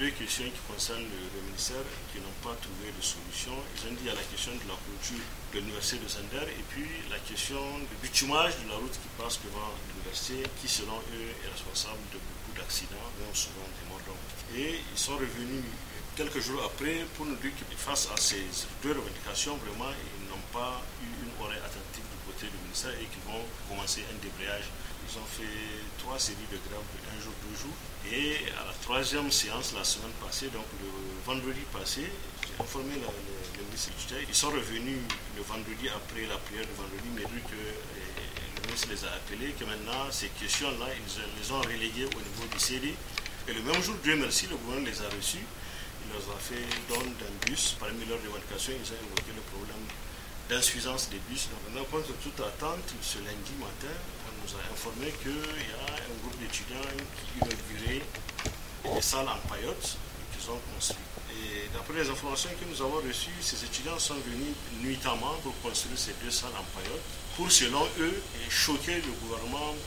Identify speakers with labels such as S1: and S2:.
S1: deux questions qui concernent le, ministère qui n'ont pas trouvé de solution. Ils ont dit à la question de la clôture de l'université de Zander et puis la question du bitumage de la route qui passe devant l'université qui, selon eux, est responsable de beaucoup d'accidents, dont souvent des morts Et ils sont revenus quelques jours après pour nous dire que face à ces deux revendications, vraiment, ils n'ont pas eu une oreille attentive du côté du ministère et qu'ils vont commencer un débrayage. Ils ont fait trois séries de grèves de un jour, deux jours. Et troisième séance la semaine passée, donc le vendredi passé, j'ai informé le, ministre du Ils sont revenus le vendredi après la prière du vendredi, mais vu que euh, le ministre les a appelés, que maintenant ces questions-là, ils les ont reléguées au niveau du CD. Et le même jour, Dieu merci, le gouvernement les a reçus. Il leur a fait don d'un bus. Parmi leurs revendications, ils ont évoqué le problème d'insuffisance des bus. Donc, maintenant, contre toute attente, ce lundi matin, on nous a informé qu'il y a un groupe d'étudiants qui inaugurait des salles en paillotes qu'ils ont construites. Et d'après les informations que nous avons reçues, ces étudiants sont venus nuitamment pour construire ces deux salles en paillotes pour, selon eux, choquer le gouvernement